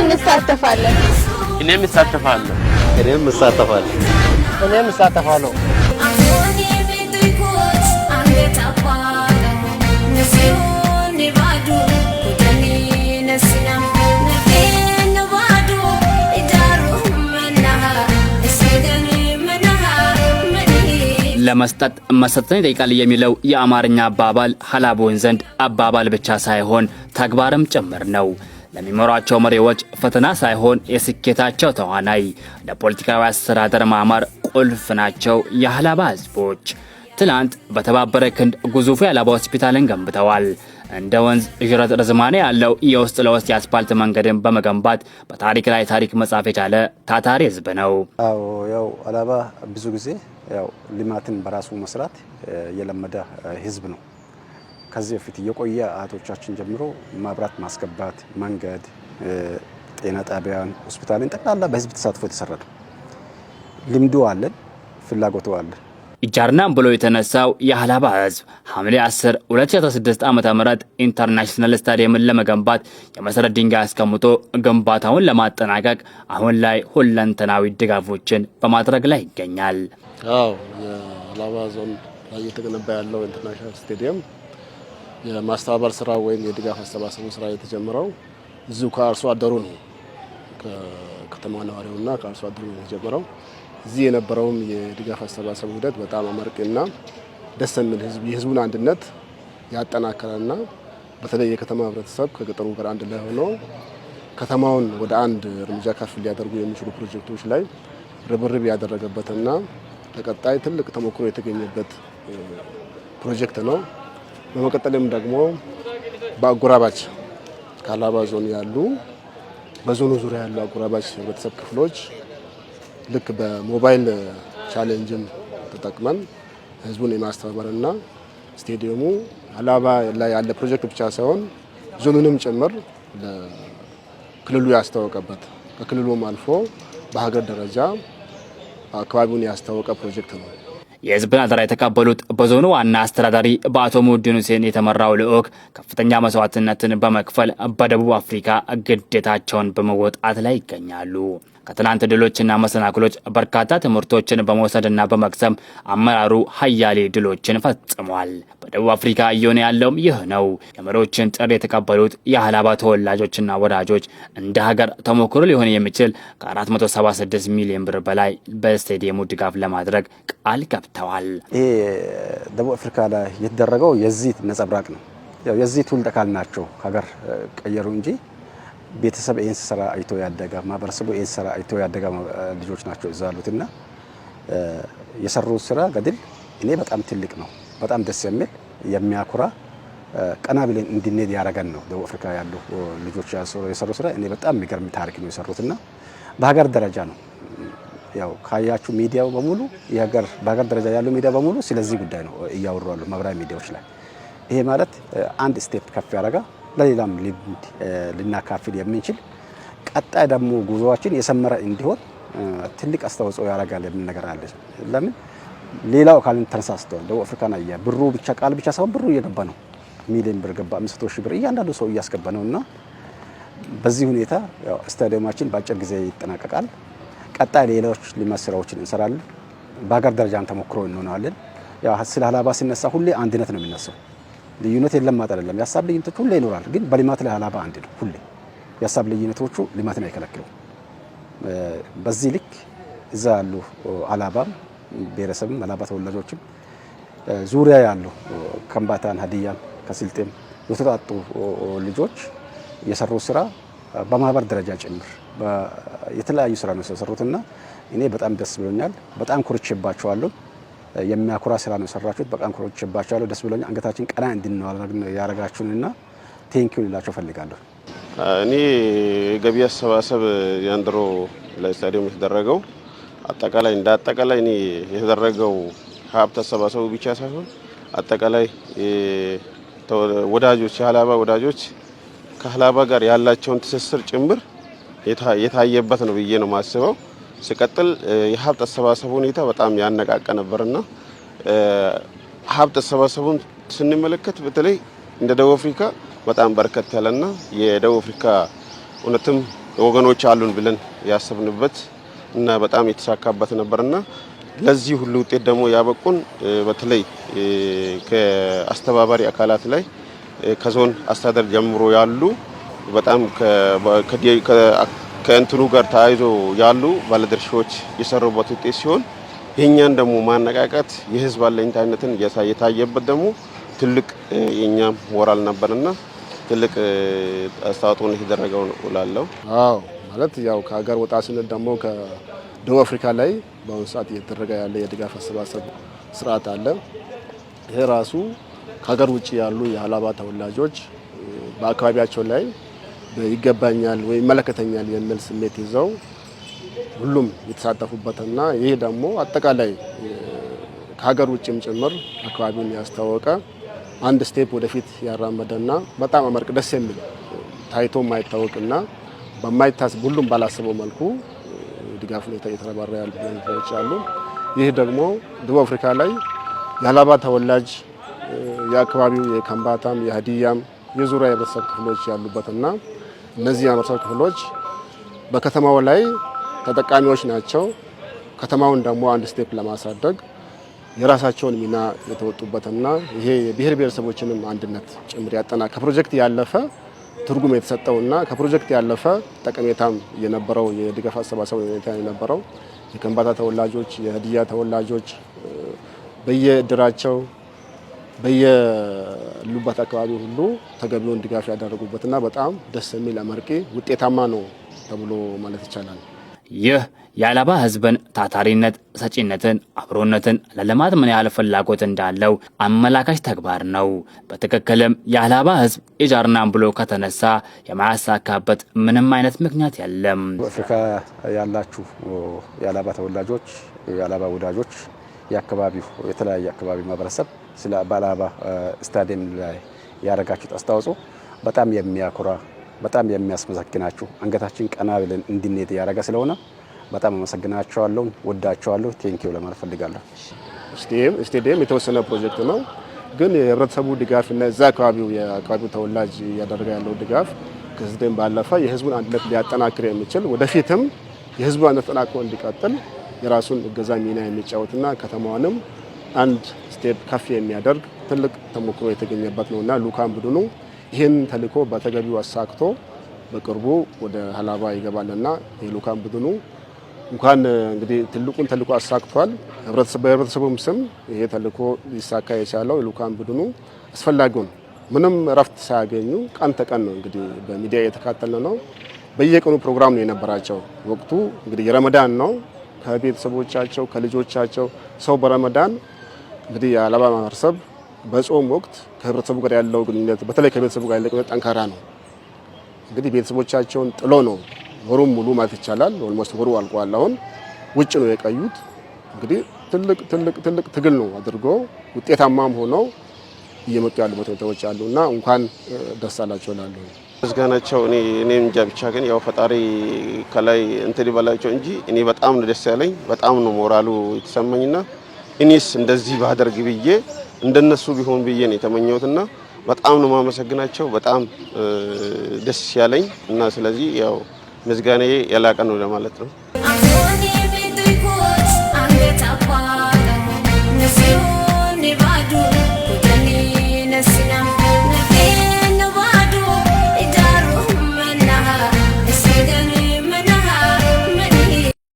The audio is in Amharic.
እንሳተፋለን። እኔም እሳተፋለሁ። እኔም እሳተፋለሁ። እኔም እሳተፋለሁ። ለመስጠት መሰጠትን ይጠይቃል የሚለው የአማርኛ አባባል ሀላቦን ዘንድ አባባል ብቻ ሳይሆን ተግባርም ጭምር ነው። ለሚመሯቸው መሪዎች ፈተና ሳይሆን የስኬታቸው ተዋናይ፣ ለፖለቲካዊ አስተዳደር ማማር ቁልፍ ናቸው የሀላባ ህዝቦች። ትላንት በተባበረ ክንድ ግዙፉ የሀላባ ሆስፒታልን ገንብተዋል። እንደ ወንዝ ዥረት ርዝማኔ ያለው የውስጥ ለውስጥ የአስፓልት መንገድን በመገንባት በታሪክ ላይ ታሪክ መጻፍ የቻለ ታታሪ ህዝብ ነው። ያው ሀላባ ብዙ ጊዜ ያው ልማትን በራሱ መስራት የለመደ ህዝብ ነው። ከዚህ በፊት የቆየ አያቶቻችን ጀምሮ መብራት ማስገባት፣ መንገድ፣ ጤና ጣቢያን፣ ሆስፒታልን ጠቅላላ በህዝብ ተሳትፎ የተሰራ ነው። ልምዱ አለን፣ ፍላጎቱ አለን። ኢጃርናም ብሎ የተነሳው የሀላባ ህዝብ ሐምሌ 10 2016 ዓ ም ኢንተርናሽናል ስታዲየምን ለመገንባት የመሰረት ድንጋይ አስቀምጦ ግንባታውን ለማጠናቀቅ አሁን ላይ ሁለንተናዊ ድጋፎችን በማድረግ ላይ ይገኛል። አዎ የሀላባ ዞን ላይ እየተገነባ ያለው ኢንተርናሽናል ስታዲየም የማስተባበር ስራ ወይም የድጋፍ አሰባሰቡ ስራ የተጀመረው እዚሁ ከአርሶ አደሩ ነው። ከከተማ ነዋሪውና ከአርሶ አደሩ ነው የተጀመረው። እዚህ የነበረውም የድጋፍ አሰባሰቡ ሂደት በጣም አመርቂና ደስ የሚል የህዝቡን አንድነት ያጠናከረና በተለይ የከተማ ህብረተሰብ ከገጠሩ ጋር አንድ ላይ ሆኖ ከተማውን ወደ አንድ እርምጃ ከፍ ሊያደርጉ የሚችሉ ፕሮጀክቶች ላይ ርብርብ ያደረገበትና ለቀጣይ ትልቅ ተሞክሮ የተገኘበት ፕሮጀክት ነው። በመቀጠልም ደግሞ በአጎራባች ካላባ ዞን ያሉ በዞኑ ዙሪያ ያሉ አጎራባች ህብረተሰብ ክፍሎች ልክ በሞባይል ቻሌንጅም ተጠቅመን ህዝቡን የማስተባበርና ስቴዲየሙ አላባ ላይ ያለ ፕሮጀክት ብቻ ሳይሆን ዞኑንም ጭምር ለክልሉ ያስታወቀበት ከክልሉም አልፎ በሀገር ደረጃ አካባቢውን ያስታወቀ ፕሮጀክት ነው። የህዝብን አደራ የተቀበሉት በዞኑ ዋና አስተዳዳሪ በአቶ ሙዲን ሁሴን የተመራው ልዑክ ከፍተኛ መስዋዕትነትን በመክፈል በደቡብ አፍሪካ ግዴታቸውን በመወጣት ላይ ይገኛሉ። ከትናንት ድሎችና መሰናክሎች በርካታ ትምህርቶችን በመውሰድና በመቅሰም አመራሩ ሀያሌ ድሎችን ፈጽሟል። በደቡብ አፍሪካ እየሆነ ያለውም ይህ ነው። የመሪዎችን ጥሪ የተቀበሉት የሀላባ ተወላጆችና ወዳጆች እንደ ሀገር ተሞክሮ ሊሆን የሚችል ከ476 ሚሊዮን ብር በላይ በስቴዲየሙ ድጋፍ ለማድረግ ቃል ገብተዋል። ገብተዋል። ይሄ ደቡብ አፍሪካ ላይ የተደረገው የዚህ ነጸብራቅ ነው። ያው የዚህ ትውልድ አካል ናቸው። ሀገር ቀየሩ እንጂ ቤተሰብ ይህን ስራ አይቶ ያደገ ማህበረሰቡ ይህን ስራ አይቶ ያደገ ልጆች ናቸው እዛ ያሉት እና የሰሩት ስራ ገድል እኔ በጣም ትልቅ ነው። በጣም ደስ የሚል የሚያኩራ ቀና ብለን እንድንሄድ ያደረገን ነው። ደቡብ አፍሪካ ያሉ ልጆች የሰሩ ስራ እኔ በጣም የሚገርም ታሪክ ነው የሰሩትና በሀገር ደረጃ ነው ያው ካያችሁ ሚዲያው በሙሉ የሀገር በሀገር ደረጃ ያሉ ሚዲያ በሙሉ ስለዚህ ጉዳይ ነው እያወሩ ያሉ ማህበራዊ ሚዲያዎች ላይ። ይሄ ማለት አንድ ስቴፕ ከፍ ያደረጋ ለሌላም ልናካፍል የምንችል ቀጣይ ደግሞ ጉዞዋችን የሰመረ እንዲሆን ትልቅ አስተዋጽኦ ያደርጋል የሚል ነገር አለ። ለምን ሌላው አካልን ተነሳስተዋል። ደቡብ አየ ብሩ ብቻ ቃል ብቻ ሳይሆን ብሩ እየገባ ነው። ሚሊዮን ብር ገባ፣ አምስት ሺህ ብር እያንዳንዱ ሰው እያስገባ ነው እና በዚህ ሁኔታ ስታዲየማችን በአጭር ጊዜ ይጠናቀቃል። ቀጣይ ሌሎች ልማት ስራዎችን እንሰራለን። በሀገር ደረጃም ተሞክሮ እንሆናለን። ስለ ሀላባ ሲነሳ ሁሌ አንድነት ነው የሚነሳው። ልዩነት የለም ማለት አይደለም። የሀሳብ ልዩነቶች ሁሌ ይኖራል፣ ግን በልማት ላይ ሀላባ አንድ ነው። ሁሌ የሀሳብ ልዩነቶቹ ልማትን አይከለክሉም። በዚህ ልክ እዛ ያሉ ሀላባም ብሔረሰብም ሀላባ ተወላጆችም ዙሪያ ያሉ ከምባታን፣ ሀዲያን ከስልጤም የተጣጡ ልጆች የሰሩ ስራ በማህበር ደረጃ ጭምር የተለያዩ ስራ ነው የሰሩትና እኔ በጣም ደስ ብሎኛል። በጣም ኩርችባቸዋለሁ። የሚያኩራ ስራ ነው የሰራችሁት። በጣም ኩርችባቸዋለሁ። ደስ ብሎኛል። አንገታችን ቀና እንድናደርግ ያደረጋችሁንና ቴንኪው ልላቸው ፈልጋለሁ። እኔ የገቢ አሰባሰብ ያንድሮ ለስታዲየም የተደረገው አጠቃላይ እንደ አጠቃላይ እኔ የተደረገው ሀብት አሰባሰቡ ብቻ ሳይሆን አጠቃላይ ወዳጆች የሀላባ ወዳጆች ከሀላባ ጋር ያላቸውን ትስስር ጭምር የታየበት ነው ብዬ ነው የማስበው። ሲቀጥል የሀብት አሰባሰቡ ሁኔታ በጣም ያነቃቀ ነበርና ሀብት አሰባሰቡን ስንመለከት በተለይ እንደ ደቡብ አፍሪካ በጣም በርከት ያለና የደቡብ አፍሪካ እውነትም ወገኖች አሉን ብለን ያሰብንበት እና በጣም የተሳካበት ነበርና ለዚህ ሁሉ ውጤት ደግሞ ያበቁን በተለይ ከአስተባባሪ አካላት ላይ ከዞን አስተዳደር ጀምሮ ያሉ በጣም ከእንትኑ ጋር ተያይዞ ያሉ ባለድርሻዎች የሰሩበት ውጤት ሲሆን የእኛን ደግሞ ማነቃቀት የህዝብ አለኝታነትን የታየበት ደግሞ ትልቅ የእኛም ሞራል ነበርና ትልቅ አስተዋጽኦን የተደረገው ላለው አዎ ማለት ያው ከሀገር ወጣ ስንል ደግሞ ከደቡብ አፍሪካ ላይ በአሁኑ ሰዓት እየተደረገ ያለ የድጋፍ አሰባሰብ ስርዓት አለ። ይሄ ራሱ ከሀገር ውጭ ያሉ የሀላባ ተወላጆች በአካባቢያቸው ላይ ይገባኛል ወይም ይመለከተኛል የሚል ስሜት ይዘው ሁሉም የተሳተፉበትና ይህ ደግሞ አጠቃላይ ከሀገር ውጭም ጭምር አካባቢውን ያስታወቀ አንድ ስቴፕ ወደፊት ያራመደና በጣም አመርቅ ደስ የሚል ታይቶ የማይታወቅና በማይታስ ሁሉም ባላሰበው መልኩ ድጋፍ ሁኔታ እየተረባረበ ያሉ አሉ። ይህ ደግሞ ደቡብ አፍሪካ ላይ የሀላባ ተወላጅ የአካባቢው የከምባታም የሀዲያም የዙሪያ የህብረተሰብ ክፍሎች ያሉበትና እነዚህ የህብረተሰብ ክፍሎች በከተማው ላይ ተጠቃሚዎች ናቸው። ከተማውን ደግሞ አንድ ስቴፕ ለማሳደግ የራሳቸውን ሚና የተወጡበትና ይሄ የብሔር ብሔረሰቦችንም አንድነት ጭምር ያጠና ከፕሮጀክት ያለፈ ትርጉም የተሰጠውና ከፕሮጀክት ያለፈ ጠቀሜታም የነበረው የድጋፍ አሰባሰብ ሁኔታ የነበረው የከንባታ ተወላጆች፣ የህድያ ተወላጆች በየእድራቸው በየሉበት አካባቢ ሁሉ ተገቢውን ድጋፍ ያደረጉበትና በጣም ደስ የሚል አመርቂ ውጤታማ ነው ተብሎ ማለት ይቻላል። ይህ የአላባ ህዝብን ታታሪነት፣ ሰጪነትን፣ አብሮነትን ለልማት ምን ያህል ፍላጎት እንዳለው አመላካች ተግባር ነው። በትክክልም የአላባ ህዝብ የጃርናን ብሎ ከተነሳ የማያሳካበት ምንም አይነት ምክንያት የለም። በአፍሪካ ያላችሁ የአላባ ተወላጆች፣ የአላባ ወዳጆች የአካባቢው የተለያየ አካባቢ ማህበረሰብ ስለ ባላባ ስታዲየም ላይ ያደረጋችሁት አስተዋጽኦ በጣም የሚያኮራ በጣም የሚያስመሰግናችሁ አንገታችን ቀና ብለን እንድንሄድ ያደረገ ስለሆነ በጣም አመሰግናቸዋለሁ፣ ወዳቸዋለሁ። ቴንኪው ለማለት ፈልጋለሁ። ስቴዲየም የተወሰነ ፕሮጀክት ነው፣ ግን የህብረተሰቡ ድጋፍ እና እዛ አካባቢው የአካባቢው ተወላጅ እያደረገ ያለው ድጋፍ ከስቴዲየም ባለፈ የህዝቡን አንድነት ሊያጠናክር የሚችል ወደፊትም የህዝቡ አንድነት ተጠናክሮ እንዲቀጥል የራሱን እገዛ ሚና የሚጫወትና ከተማዋንም አንድ ስቴፕ ከፍ የሚያደርግ ትልቅ ተሞክሮ የተገኘበት ነውና ሉካን ቡድኑ ይህን ተልዕኮ በተገቢው አሳክቶ በቅርቡ ወደ ሀላባ ይገባልና የሉካን ቡድኑ እንኳን እንግዲህ ትልቁን ተልዕኮ አሳክቷል። በህብረተሰቡም ስም ይሄ ተልዕኮ ሊሳካ የቻለው የሉካን ቡድኑ ነው። ምንም እረፍት ሳያገኙ ቀን ተቀን ነው እንግዲህ በሚዲያ እየተካተልን ነው። በየቀኑ ፕሮግራም ነው የነበራቸው። ወቅቱ እንግዲህ የረመዳን ነው። ከቤተሰቦቻቸው ከልጆቻቸው ሰው በረመዳን እንግዲህ የአላባ ማህበረሰብ በጾም ወቅት ከህብረተሰቡ ጋር ያለው ግንኙነት በተለይ ከቤተሰቡ ጋር ያለው ግንኙነት ጠንካራ ነው። እንግዲህ ቤተሰቦቻቸውን ጥሎ ነው ወሩም ሙሉ ማለት ይቻላል ኦልሞስት ወሩ አልቋል። አሁን ውጭ ነው የቀዩት። እንግዲህ ትልቅ ትልቅ ትልቅ ትግል ነው አድርጎ ውጤታማም ሆነው እየመጡ ያሉ ሁኔታዎች አሉ እና እንኳን ደስ አላቸው ላሉ ምስጋናቸው እኔ እኔ እንጃ ብቻ ግን ያው ፈጣሪ ከላይ እንትን ይበላቸው እንጂ እኔ በጣም ነው ደስ ያለኝ። በጣም ነው ሞራሉ የተሰማኝና እኔስ እንደዚህ ባደርግ ብዬ እንደነሱ ቢሆን ብዬ ነው የተመኘሁትና በጣም ነው ማመሰግናቸው። በጣም ደስ ያለኝ እና ስለዚህ ያው ምስጋናዬ የላቀ ነው ለማለት ነው።